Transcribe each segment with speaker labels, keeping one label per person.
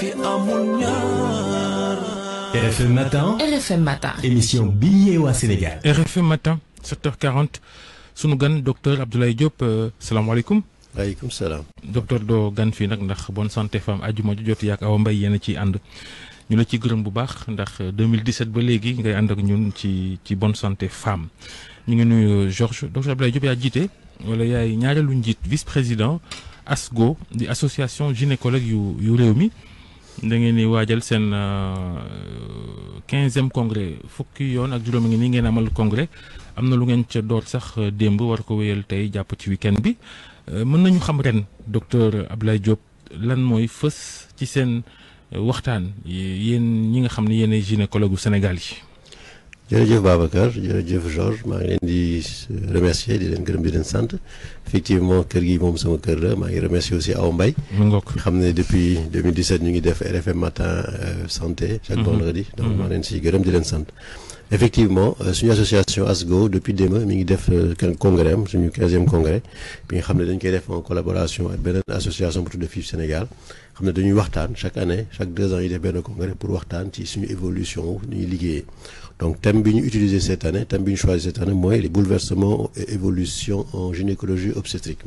Speaker 1: fi amul
Speaker 2: RFM matin. RFM matin. émission Billet yeewu Sénégal. RFM matin 7h40 sunu gan docteur Abdoulaye Diop euh, alaikum. waaleykum salam. docteur do gan fi nak ndax bonne santé femme ajuma ju jot yaak Awa Mbaye yéen a ciy ñu la ci gërëm bu baax ndax 2017 ba légui ngay and ak ñun ci ci bonne santé femme ñu ngi nuyu Georges docteur Abdoulaye Diop ya jité wala yaay ñaaralu njiit vice président ASGO di association gynécologue yu yu da ngeen di waajal seen euh, quinzième congrès fukki yoon ak juróom juróomi ngi nii ngeen amal congrès am na lu ngeen ca door sax euh, démb war ko wéyal tey jàpp ci week bi euh, mën nañu xam ren docteur Abdoulaye Diop lan mooy fës ci seen waxtaan yéen ñi nga xam ne yéen ay gynécologue u Sénégal yi. jërëjëf
Speaker 1: Babacar jërëjëf Georges maa ngi leen di remercier di leen gërëm di leen sant effectivement kër gi moom sama kër la maa ngi remercier aussi Aw Mbaye xam ne depuis 2017 ñu ngi def RFM matin euh, santé chaque mhm. vendredi donc mhm. maa leen si gërëm di leen sant effectivement euh, suñu association ASGO depuis démb mi ngi def euh, congrès am suñu 15e congrès bi nga xam ne dañ koy def en collaboration ak beneen association bu de FIF Sénégal xam ne dañuy waxtaan chaque année chaque deux ans yi def benn congrès pour waxtaan ci suñu évolution ñuy liggéeyee donc thème bi utilisé cette année thème bi choisi cette année Moi, les bouleversements et évolutions en gynécologie obstétrique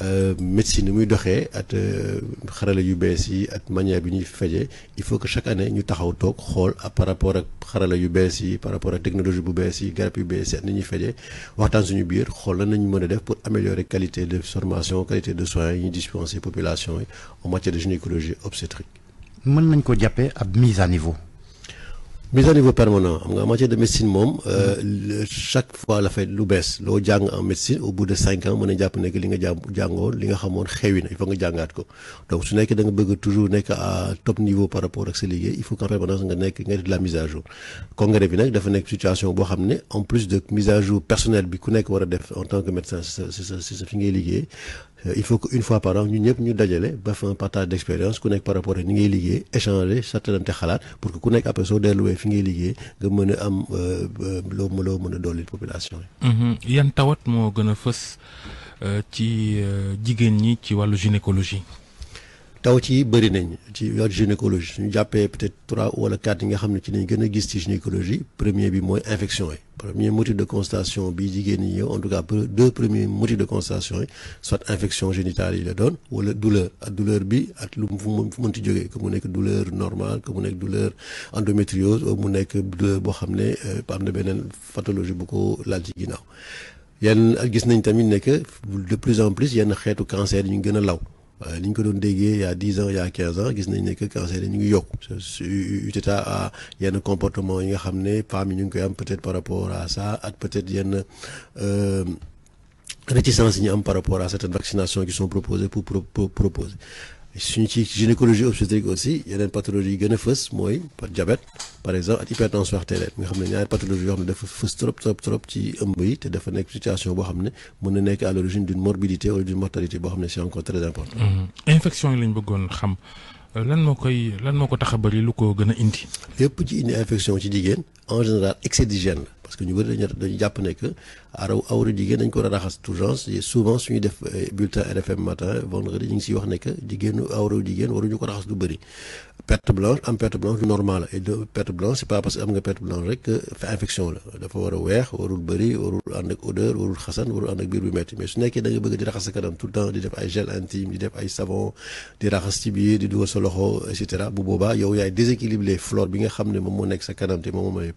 Speaker 1: Euh, médecine muy doxé at euh, xarala yu bees yi at manière bi ñuy il faut que chaque année ñu taxaw toog xool par rapport ak xarala yu bees par rapport ak technologie bu bees yi garab yu bees yi at ñuy suñu biir xol lan mëna def pour améliorer qualité de formation qualité de soins yi dispenser population en matière de gynécologie obstétrique.
Speaker 3: mën nañ ko jappé ab mise à niveau
Speaker 1: mise à niveau permanent xam nga en matière de médecine moom euh, chaque fois la fait lu bees loo jàng en médecine au bout de 5 ans mën japp jàpp ne que li nga jàng li nga xamone xewina il faut nga jàngaat ko donc su nek da nga bëgg toujours nek à top niveau par rapport ak ce ligue il faut qu'en permanence nga nek nga de la mise à jour congrès bi nag dafa nek situation bo xamné en plus de mise à jour personnel bi ku nek wara def en tant que médecin c'est sa c'est fi ngay liguer euh, il faut qu'une fois par an nous nous ñu un partage d'expérience par rapport à ni ngay échanger certaines pour que ku nekk après soo des fi que am euh, population
Speaker 2: Il mhm. y tawat un gën euh, ci ñi ci gynécologie
Speaker 1: taw ci bari nañ ci wàllu gynécologie ñu jappé peut-être trois ou quatre nga xamné ci lañ gëna gynécologie premier bi moy infection premier motif de constatation bi jigéen ñi en tout cas deux premiers motifs de constatation soit infection génitale yi la doon wala douleur ak douleur bi ak lu mu fu mu mënti Comme que mu nekk douleur normale que mu nekk douleur endométriose mu nekk douleur bo xamné ne euh, am na benen pathologie bu ko laal ci ginnaaw yenn gis nañ tamit ne que de plus en plus yenn xeetu cancer yi ñu gëna law niñ euh, ko il y a 10 ans il y a 15 ans gis nañ ne que cancer yi ñu ngi yokku su état à yenn comportement yi nga xam ne femmes yi ñu ngi am peut-être par rapport à ça et peut-être yenn euh, réticences yi ñu am par rapport à certaines vaccinations qui sont proposées pour pour proposer une gynécologie obstétrique aussi pathologie a diabète par exemple hypertension artérielle Il y a une pathologie qui est trop trop trop situation à l'origine d'une morbidité ou d'une mortalité c'est encore très important.
Speaker 2: Mm-hmm. infection yi lan lu ko
Speaker 1: en général excès d'hygiène parce que ñu de dañu japonais que dañ ko raxas toujours souvent suñu def euh, bulletin RFM matin vendredi wax ne que awru waru raxas du perte blanche am perte blanche normal et de perte blanche c'est pas parce que am perte blanche que infection la dafa odeur mais su da nga bëgg di raxas tout temps di def gel intime di def savon di raxas ci di et cetera bu boba yow yaay déséquilibré flore bi nga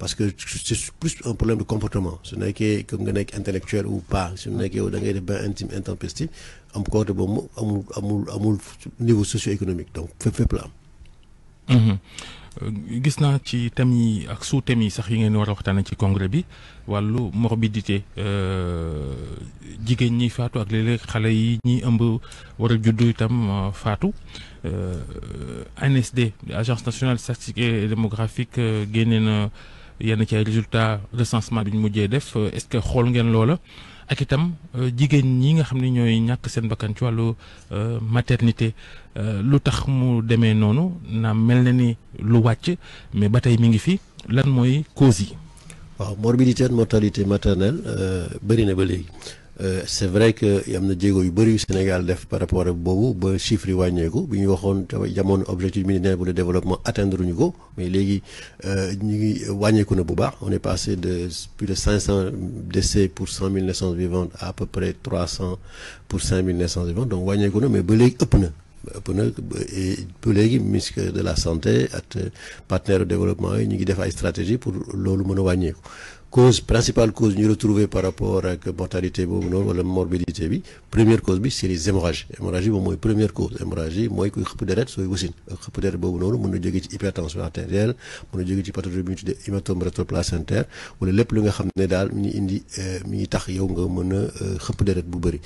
Speaker 1: parce que c'est plus un problème de comportement ce n'est que comme nekk intellectuel ou pas ce n'est que da ngay def bain intime intempestif am de bon mot, à mon niveau socio-économique donc fait fépp la
Speaker 2: -hmm. gis naa ci thèmes yi ak sous thèmes yi sax yi ngeen war a waxtaanee ci congrès bi wàllu morbidité euh, jigéen ñi faatu ak léeg-léeg xale yi ñi ëmb war a juddu itam euh, faatu ANSD agence nationale statistique et démographique génne na yenn ci résultat résultats recensement bi ñu mujjee def euh, est-ce que xool ngeen loola ak itam euh, jigéen ñi nga xam ne ñooy ñàkk seen bakkan ci wàllu euh, maternité lu tax mu demee noonu na mel na ni lu wàcc mais ba tey mi ngi fi lan mooy causes yi.
Speaker 1: waaw morbidité mortalité maternelle bëri na ba léegi. Euh, c'est vrai que le na yu Sénégal def par rapport à Boubou, ba chiffre y a bi y a mon objectif ministériel pour le développement atteindre un mais les euh, ñu a wàññeeku na bu on est passé de plus de 500 décès pour 100 000 naissances vivantes à à peu près 300 pour 5 000 naissances vivantes donc wàññeeku na mais belé ëpp na. ëpp na de la santé ak partenaire au développement et ngi une stratégie pour le mën cause principale cause ñu retrouver par rapport ak mortalité boobu noonu wala morbidité bi première cause bi c'est les hémorragies hémorragie moom mooy première cause hémorragie mooy kuy peux dire sooy wasin xëpp peut-être bon mën na jóge ci hypertension artérielle mën na jóge ci pathologie de hématome rétroplacentaire wala lépp lu nga xam dal daal mi indi euh, mi ngi tax yow nga mën a euh, xëpp deret bu bëri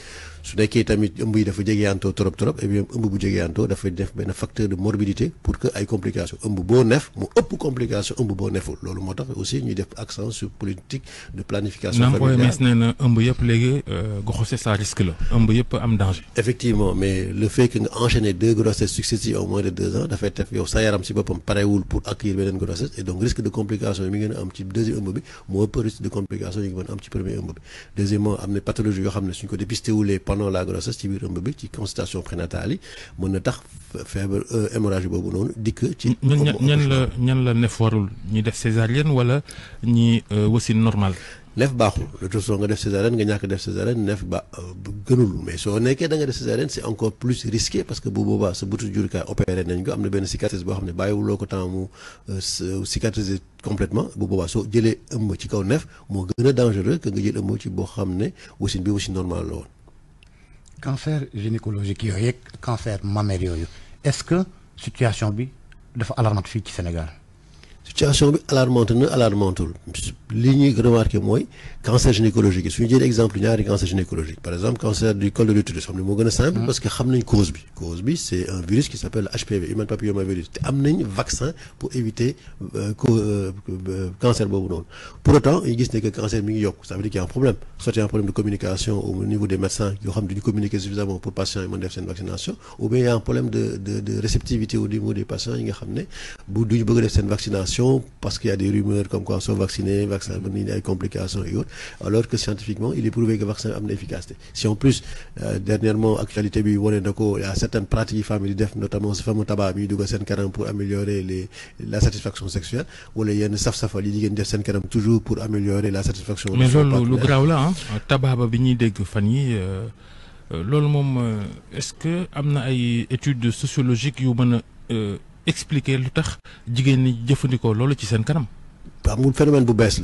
Speaker 1: su nekkee tamit ëmb yi dafa jegeyantoo trop trop et eh bien ëmb bu jegeyantoo dafay def ben facteur de morbidité pour que ay complications ëmb boo neef mu ëpp complication ëmb boo neeful loolu le tax aussi ñuy def accent sur politique de planification familiale mais
Speaker 2: nee na ëmb yëpp léegi euh, grossesse à risque la ëmb yëpp am danger effectivement mais le fait
Speaker 1: que nga enchaîner deux grossesses successives en moins de deux ans dafay def yow sa yaram si boppam pour accueillir une grossesse et donc risque de complications. yi mi petit am ci deuxième un bi moo risque de complication un petit am ci premier ëmb bi deuxièmement am na pathologie yoo xam ne suñ ko pendant la grossesse ci biir ëmb bi ci consultation prénatale yi feebar euh, hémorragie bobu non dik ci. ñan
Speaker 2: la ñan la nef warul ñi def césarienne wala ñi euh, wasin normal. neef baaxul le toute nga
Speaker 1: def césarienne nga ñak def césarienne neuf ba euh, gënul mais so nekkee da nga def césarienne c'est encore plus risqué parce que bu ce sa butu jurukaay opéré nañ ko amna ben cicatrice bo xamné ne bàyyiwuloo ko temps mu cicatriser complètement bu boobaa soo jëlee ëmb ci kaw neuf mo gën dangereux que nga jël ëmb ci bo xamné ne bi wasin normal la
Speaker 3: cancer gynécologique yooyu cancer mammaire yooyu est-ce que situation bi dafa alarmante fii au Sénégal
Speaker 1: situation bi alarmante na alarmantul li ñuy remarqué mooy cancer gynécologique suñu jël exemple ñaari cancer gynécologique par exemple cancer du col de l'utérus xam ne moo gën a simple hmm. parce que xam nañ cause bi cause bi c'est un virus qui s'appelle HPV human papillomavirus te am nañ vaccin pour éviter euh, euh, euh, cancer boobu noonu pour autant ñu gis ne que cancer mi ngi yokk ça veut dire qu'il y a un problème soit il y a un problème de communication au niveau des médecins yoo xam ne communiquer suffisamment pour patients yi mën def seen vaccination ou bien il y a un problème de de de réceptivité au niveau des patients yi nga xam ne bu duñu bëgg def seen vaccination parce qu'il y a des rumeurs comme quoi on soit vacciné, vaccin, il y a des complications et autres, alors que scientifiquement, il est prouvé que le vaccin a une efficacité. Si en plus, euh, dernièrement, actualité, il y a certaines pratiques def notamment ce fameux tabac, il pour améliorer la satisfaction sexuelle, ou il y a une safsafali, il y a toujours pour améliorer la satisfaction Mais le grave là,
Speaker 2: hein, tabac, y euh, euh, est-ce que amna une études sociologiques qui expliquer lu tax jigéen ñi jëfandikoo loolu ci seen kanam.
Speaker 1: le phénomène de baisse.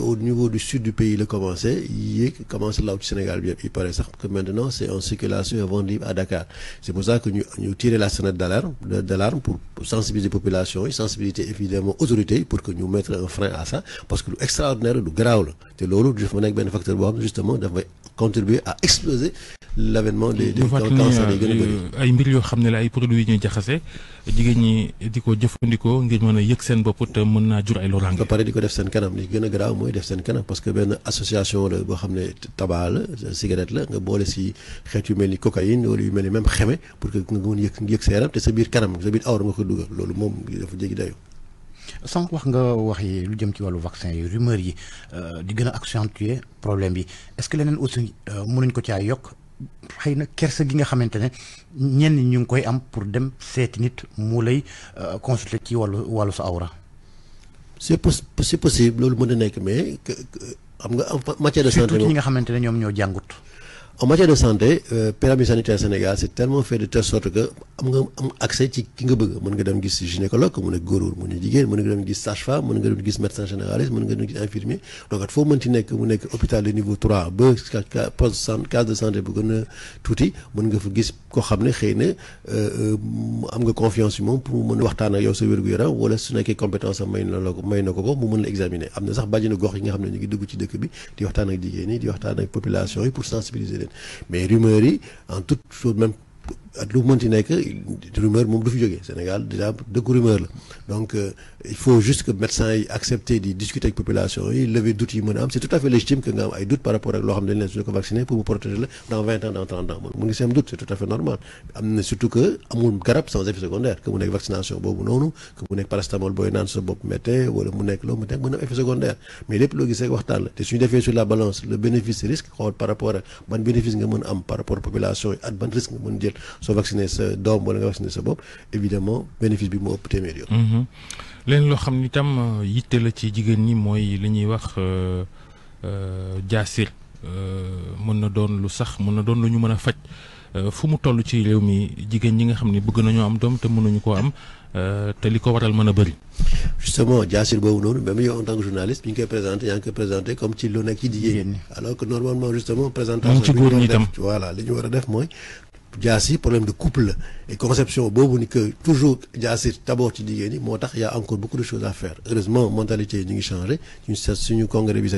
Speaker 1: au niveau du sud du pays il a commencé Il a commencé là au Sénégal il paraît que maintenant c'est en circulation et libre à Dakar c'est pour ça que nous tirons tirer la sonnette d'alarme d'alarme pour sensibiliser population et sensibiliser évidemment autorités pour que nous mettions un frein à ça parce que l'extraordinaire, le graal C'est le du du dafa nekk un facteur justement d'avoir contribué à exploser l'avènement des des cancers y a euh, mbir ba pare di ko def seen kanam li gën a garaaw mooy def seen kanam parce que benn association la boo xam ne tabac la cigarette la nga boole si xeet yu mel ni cocaïne wala yu mel ni même xeme pour que nga mën yëg yëg sa yaram te sa biir kanam sa biir awra nga ko dugal loolu moom dafa jéggi dayo
Speaker 3: sànq wax nga wax yi lu jëm ci wàllu vaccin yi rumeur yi di gën a accentuer problème yi est-ce que leneen aussi mënuñ ko caa yokk xëy na kersa gi nga xamante ne ñenn ñu ngi koy am pour dem seeti nit mu lay consulter ci wàllu wàllu sa awra. c'est possible loolu mën na nekk mais xam nga en matière de santé surtout ñi nga
Speaker 1: xamante ne ñoom ñoo jàngut. en matière de santé euh, pyramide sanitaire Sénégal c'est tellement fait de telle sorte que am nga am accès ci ki nga bëgg mën nga dem gis gynécologue mën nga góor mën nga jigéen mën nga dem gis sage-femme mën nga dem gis médecin généraliste mën nga dem gis infirmier donc at mën mënti nek mu nek hôpital de niveau 3 ba poste santé case de santé bu gën a mën nga fa gis ko xamné xeyna euh, euh am nga confiance yu pour mën waxtaan ak yow sa wér yara wala su nekkee compétence am mayna la ko ko ko mu mën la examiner amna sax badina gox yi nga xamné ne ñu ngi dugg ci dëkk bi di waxtaan ak jigéen yi di waxtaan ak population yi pour sensibiliser mais rumeurs en toute chose même at lu mënti nekk rumeur moom du fi jógee Sénégal déjà dëkku rumeur la donc euh, il faut juste que médecins yi de di discuter ak population yi lever doute yi mën a am c'est tout à fait légitime que nga am ay doute par rapport ak loo xam ne dañ leen suñu ko vacciner pour mu protéger la dans vingt ans dans trente ans mu ngi seen doute c'est tout à fait normal am na surtout que amul garab sans effet secondaire que mu nekk vaccination boobu noonu que mu nekk paracetamol booy naan sa bopp méttee wala mu nekk loo mu nekk mën am effet secondaire mais lépp loo gisee waxtaan la te suñu defee sur la balance le bénéfice risque xool par rapport ak ban bénéfice nga mën am par rapport population yi at ban risque nga mën jël soo vacciné ce doom wala nga vacciné sa bopp évidemment bénéfice bi mo ëpp meilleur
Speaker 2: yoon. Mhm. leen lo xamni tam euh, yité la ci ni moy liñuy wax euh wax euh, jaasir euh, mën na doon lu sax mën na doon lu ñu mën fajj faj fu mu toll ci réew mi jigéen ñi nga xamni bëgg nañu am dom te mënuñu ko am te li ko waral bëri. justement
Speaker 1: jaasir boobu noonu même yow en tant que journaliste bi ñu koy présenté yaa ngi présenté comme ci lu nekk ci alors que normalement justement présentation. voilà li ñu war a def mooy Diassi problème de couple et conception boobu ni que toujours Diassi d'abord ci jigéen ñi moo tax y a encore beaucoup de choses à faire heureusement mentalité a changé ñu seet suñu congrès bi ci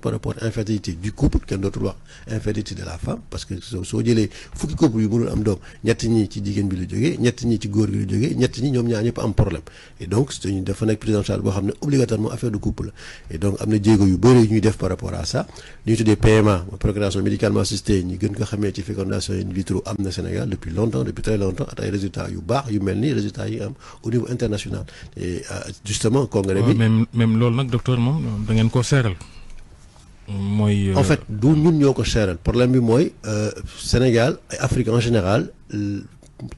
Speaker 1: par rapport à infertilité du couple kenn dootul wax infertilité de la femme parce que soo jëlee fukki couple yu mënul am doom ñett ni ci qui bi la jógee ñett ni ci góor gi la jógee ñett ñi ñoom ñaar am problème et donc suñu dafa nekk prise en charge obligatoirement affaire de couple et donc am na jéego yu bëri yu def par rapport à ça li des tuddee PMA procréation médicalement assistée ñu gën ko xamee ci fécondation in vitro am Sénégal depuis longtemps depuis très longtemps a des résultats yu bar yu résultats am au niveau international et euh, justement congrès
Speaker 2: même même docteur mom, da concert euh, en fait
Speaker 1: nous ñun ñoo ko Le problème bi le euh, Sénégal et Afrique en général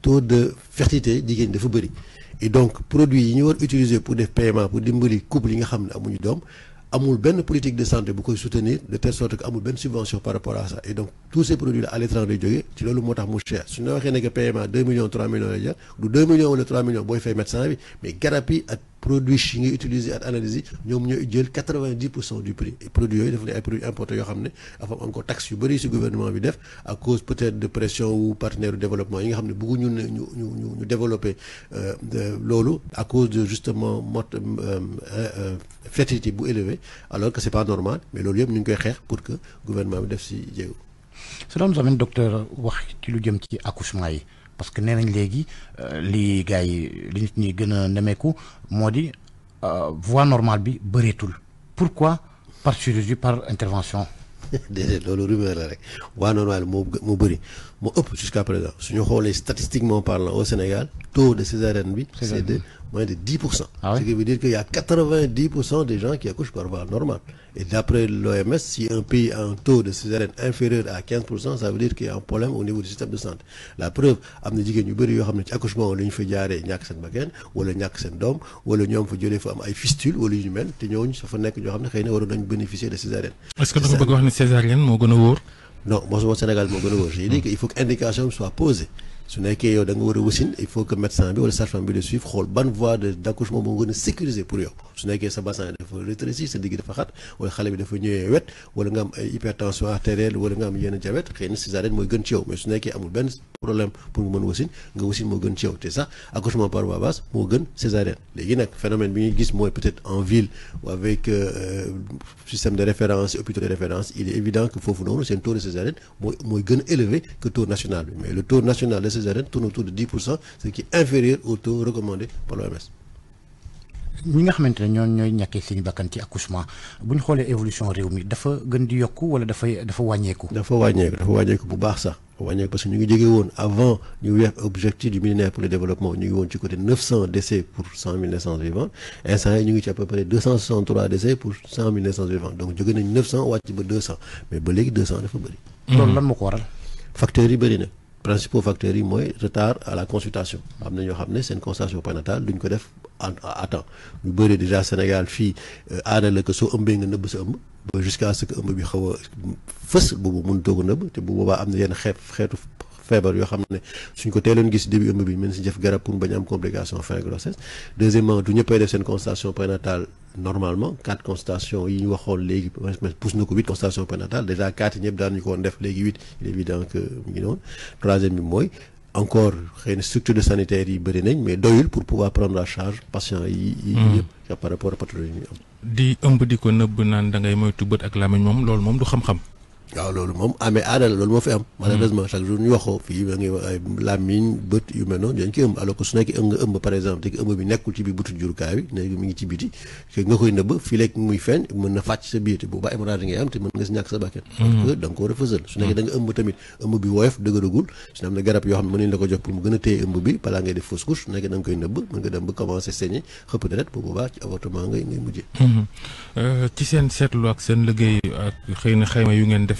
Speaker 1: taux de fertilité est de et donc produits utilisés ñu pour des paiements pour des couple yi nga xam amul bonne politique de santé bu koy soutenir de telle sorte a une bonne subvention par rapport à ça et donc tous ces produits là à l'étranger jógee ci loolu moo mu cher suñu la que 2 millions 3 millions lay jar du 2 millions le 3 millions boy fay médecin bi mais garapi ak produits produits chinois utilisés à analyse yi ñoom 90% du prix Les produits produits importés ont encore taxe sur le gouvernement bi à cause peut-être de pression ou de développement de développement. Ils ont ñu développer euh, à cause de justement une euh, euh, fertilité élevée alors que ce n'est pas normal mais loolu yëpp ñu pour que le gouvernement bi def
Speaker 3: nous nous su un docteur wax ci lu parce que nee légui les euh, li gars li nit ñi gën a nemeeku moo euh, voie normale bi bëreetul pourquoi par chirurgie par intervention
Speaker 1: déedéet lolu rumeur la rek voie normale mo mo bëri jusqu'à présent si nous regardons statistiquement parlant au Sénégal le taux de césarienne c'est de moins de 10 ah ce qui veut dire qu'il y a 90 des gens qui accouchent par voie normale et d'après l'OMS si un pays a un taux de césarienne inférieur à 15 ça veut dire qu'il y a un problème au niveau du système de santé la preuve on dit que nous bëri yoo accouchement où ñu fa jaaree pas de bakkan wala ñàkk seen doom wala de fa jëlee fa am ay fistule wala ñu mel ñooñu bénéficier de césarienne
Speaker 2: est-ce que vous pouvez bëgg wax ne césarienne moo
Speaker 1: non, moi, au Sénégal, mon J'ai dit qu'il faut que déclaration soit posée su nekkee yow da nga war a wasin il faut que médecin bi wala sage-femme bi le suivre xool ban voie de d' accouchement moo gën a sécuriser pour yow su nekkee sa bassin dafa rétrécir sa digg dafa xat wala xale bi dafa ñëwee wet wala nga am ay eh, hypertension artérielle wala nga am yenn diabète xëy na césarienne mooy gën ci yow mais su nekkee amul benn problème pour nga mën wasin nga wasin moo gën ci yow te sax accouchement par voie basse moo gën césarienne léegi nag phénomène bi ñuy gis mooy peut-être en ville avec euh, système de référence hôpitaux de référence il est évident que foofu noonu seen taux de césarienne mooy mooy gën élevé que taux national bi mais le taux national de césarienne tourne autour de 10%, ce qui est inférieur au taux recommandé par l'OMS.
Speaker 3: ñi nga xamante ne ñoon ñooy ñàkkee seen bakkan ci accouchement bu ñu xoolee évolution réew mi dafa gën di yokku wala dafay dafa wàññeeku dafa wàññeeku
Speaker 1: dafa wàññeeku bu baax sax wàññeeku parce que ñu ngi jóge woon avant ñu objectif du millénaire pour le développement ñu ngi woon ci côté 900 décès pour 100 000 naissances vivantes instant yi ñu ngi ci à peu près 263 décès pour 100 000 naissances vivantes donc jóge nañ 900 wàcc ba 200 mais ba léegi 200 dafa bëri loolu lan moo ko waral facteurs yi bëri na principaux facteurs yi mooy retard à la consultation am na ñoo xam consultation prénatale duñ ko def à temps ñu bëri déjà Sénégal fii euh, aada la que soo ëmbee nga nëbb sa ëmb ba jusqu'à ce que ëmb bi xaw a fës boobu mënutoo ko nëbb te bu boobaa am na yenn xeet feebar yoo xam suñ ko teeloon gis début ëmb bi mën si jëf pour bañ am complication fin grossesse deuxièmement du ñëppay def seen constatation prénatale normalement quatre constatations yi ñu waxoon léegi pousse na huit constatations prénatales déjà quatre yi ñëpp daan ñu ko def légui huit il est évident que mu ngi noonu troisième bi encore xëy structure de sanitaire yi bëri nañ mais doyul pour pouvoir prendre en charge patient yi yi hmm. par rapport à pathologie yi
Speaker 2: di ëmb di ko neub naan da ngay moytu bët ak làmmiñ mom lool mom du xam-xam
Speaker 1: waaw loolu moom amee aada loolu moo fi am. malheureusement chaque jour bët yu mel noonu nga koy nëbb bu a fësal su nekkee da nga ëmb tamit ëmb bi woyof mu gën a téye nga koy nëbb mën nga dem ba commencé saigner xëpp deret bu baax mm-hmm.
Speaker 2: euh, ci seen seetlu ak seen liggéey ak xëy na xayma yu ngeen def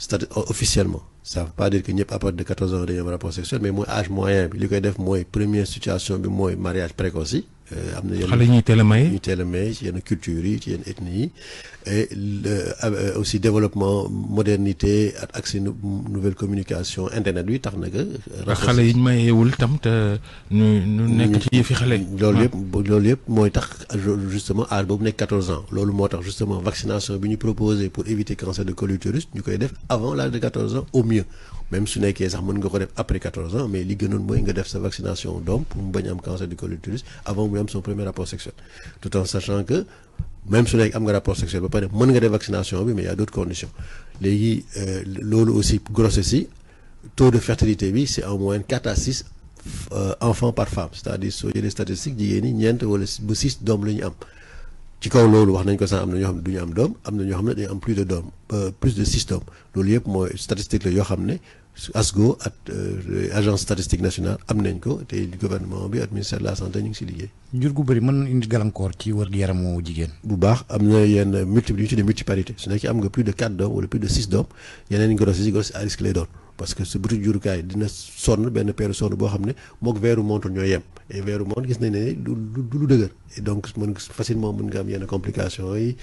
Speaker 1: c'est-à-dire euh, officiellement ça ne veut pas dire qu'il n'y a pas de 14 ans de rapport sexuel mais un âge moyen il y a def première situation de mariage précoce euh, am na yenn a maye ñuy teel a maye ci culture yi ci yenn ethnie yi et euh, euh, aussi développement modernité ak accès nouvelle communication internet bi tax na que. xale yi
Speaker 2: ñu mayeewul tam te ñu ñu nekk ci yëfi xale. loolu yëpp
Speaker 1: loolu yëpp mooy tax justement âge boobu nekk 14 ans loolu moo justement vaccination bi ñu proposé pour éviter cancer de col utérus ñu koy def avant l'âge de 14 ans au mieux même si on a mën nga après 14 ans mais li gënoon des nga sa vaccination d'homme pour mu bañ cancer du col de l'utérus avant muy son premier rapport sexuel tout en sachant que même si on am rapport sexuel ba pare mën nga mais vaccination mais y a d'autres conditions léegi euh, aussi grossesse le taux de fertilité c'est en moyenne 4 à 6 euh, enfants par femme c'est-à-dire si les statistiques des statistiques, ñeent wala 6 d'homme Si ñu am ci kaw loolu wax nañ ko sax am plus de 6 euh, plus de systèmes statistique ASGO, l'Agence euh, statistique nationale, Amnenko, le gouvernement, le ministère de la Santé, nous sommes liés.
Speaker 3: Nous avons multiplié de
Speaker 1: multiparité. Ce n'est Il y a plus de 4 d'hommes ou plus de 6 d'hommes. Il y a risque les d'hommes. parce que su butu jurukaay dina sonn benn peeru sonn boo xam ne moog veeru montre ñoo yem et veeru montre gis nañ ne du du lu dëgër donc mën facilement mën nga am yenn complication yi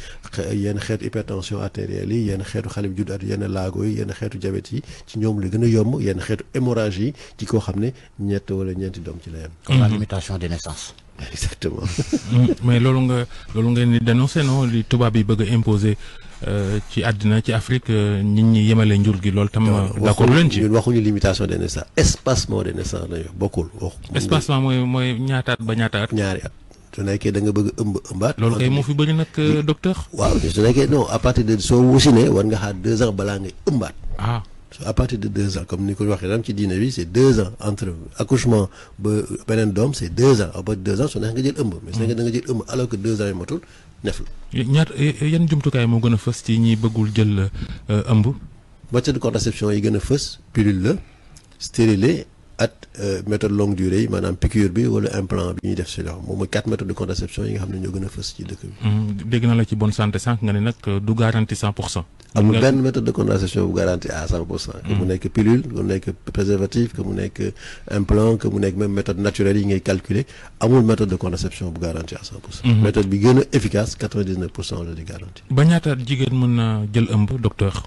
Speaker 1: yenn xeetu hypertension artérielle yi yenn xeetu xale bi judd at yenn laago yi yenn xeetu diabète yi ci ñoom la gën a yomb yenn xeetu hémorragie yi ci koo xam ne ñett wala ñeenti doom ci la yem.
Speaker 3: comme la mhm. limitation des
Speaker 2: mm, mais loolu nga loolu nga ni dénoncé non tubaab yi bëgg a imposer. Euh, ci àddina ci Afrique euh, nit ñi yemale njur gi lool tam. Euh, d'accord leen ci ñun
Speaker 1: waxuñu limitation des naissances espacement des naissances la ñu bokkul.
Speaker 2: espacement mooy mooy ñaataat ba ñaataat. ñaari at su nekkee da nga bëgg a ëmb ëmbaat. loolu kay moo fi bëri nag docteur. waaw su
Speaker 1: nekkee non à partir de soo wusinee war nga xaar deux ans balaa ngay ëmbaat. Ah. à partir de deux ans comme Nicolas, ko qui dit ci deux ans entre accouchement et un homme c'est deux ans à partir de deux ans c'est nga mais c'est un alors que deux ans est matul
Speaker 2: neef eh, eh, jumtukaay qui a ci ñi bëggul jël eh, matière de contraception yi a pilule
Speaker 1: at euh, méthode longue durée manam maanaam piqûre bi wala implant bi ñu def ci loxo moom quatre méthodes de contraception yi nga xam ne ñoo gën a fës ci dëkk bi.
Speaker 2: Mm-hmm. dégg na la ci bonne santé sànq nga ne nag euh, du garantie 100 pour cent. amul benn
Speaker 1: méthode de contraception bu garantie à 100 pour cent. que mu mm-hmm. nekk pilule que mu nekk préservatif que mu nekk implant que mu nekk même méthode naturelle yi ngay calculer amul méthode de contraception bu garantie à 100%. Mm-hmm. méthode bi gën efficace 99% de di garantie.
Speaker 2: ba ñaata jigéen mën na jël ëmb docteur.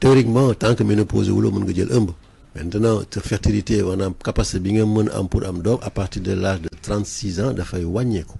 Speaker 2: théoriquement tant que ménopause wuloo mën nga jël ëmb
Speaker 1: maintenant te fertilité a capacité bi nga mën am pour am doom à partir de l'âge de 36 ans dafay wàññeeku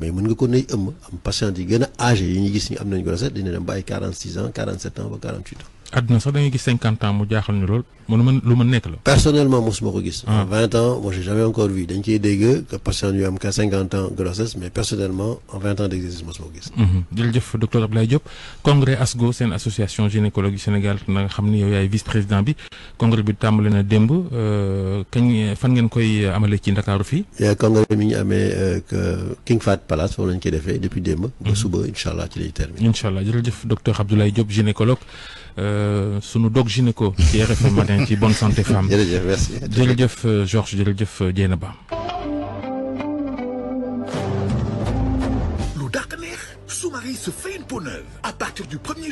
Speaker 1: mais mën nga ko nay am patient yi gëna a âgé yi ñu gis ñu am nañ ko recette dina dem bay 46 ans 47 ans ba 48 ans
Speaker 2: àdduna sax dañuy ngay gis cinquante ans mu jaaxal ñu lool man man lu ma nekk la.
Speaker 1: personnellement mosuma ko gis. en ah. ans moi j'ai jamais encore vu dañ ciy dégg que patient yu am que 50 ans grossesse mais personnellement en 20 ans d'exercice mosuma ko
Speaker 2: gis. Mhm. jërëjëf docteur Abdoulaye Diop congrès ASGO seen association gynécologie Sénégal na nga xam ni yow yaay vice président bi congrès bi tàmbali na démb euh, kañ fan ngeen koy euh, amalee ci Ndakaaru fii.
Speaker 1: congrès mi ngi amee euh, King Fat Palace foofu lañ koy defee depuis démb. ba mhm. suba incha allah ci lay terminer.
Speaker 2: incha allah jërëjëf docteur Abdoulaye Diop gynécologue. Euh, sunu dog gynéco ci matin ci bonne santé femme merci jërëjëf euh, Georges jërëjëf euh, lu se fait une peau neuve à partir du premier